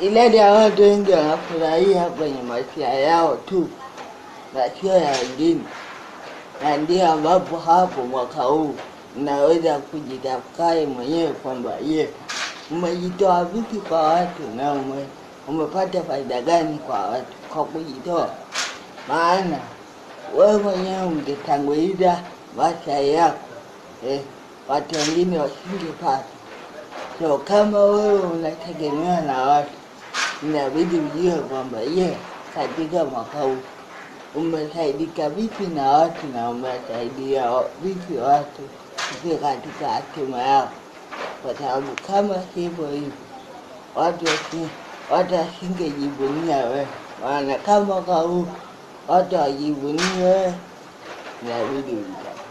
Idadi ya watu wengi wanafurahia kwenye maisha yao tu na sio ya wengine, na ndio ambapo hapo mwaka huu naweza kujitafakari mwenyewe kwamba ye umejitoa vipi kwa watu na ume, umepata faida gani kwa watu kwa kujitoa. Maana wewe mwenyewe ungetanguliza maslahi yako eh, watu wengine wasingepata. So kama wewe unategemewa na watu na vitu vijue kwamba je, katika mwaka huu umesaidika vipi na watu na umesaidia vipi watu kufikia katika hatima yao, kwa sababu kama hivyo hivi watu watasingejivunia wewe, maana kama mwaka huu watu wajivunie wewe na vitu vitatu